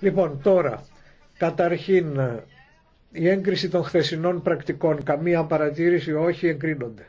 Λοιπόν, τώρα, καταρχήν, η έγκριση των χθεσινών πρακτικών, καμία παρατήρηση, όχι, εγκρίνονται.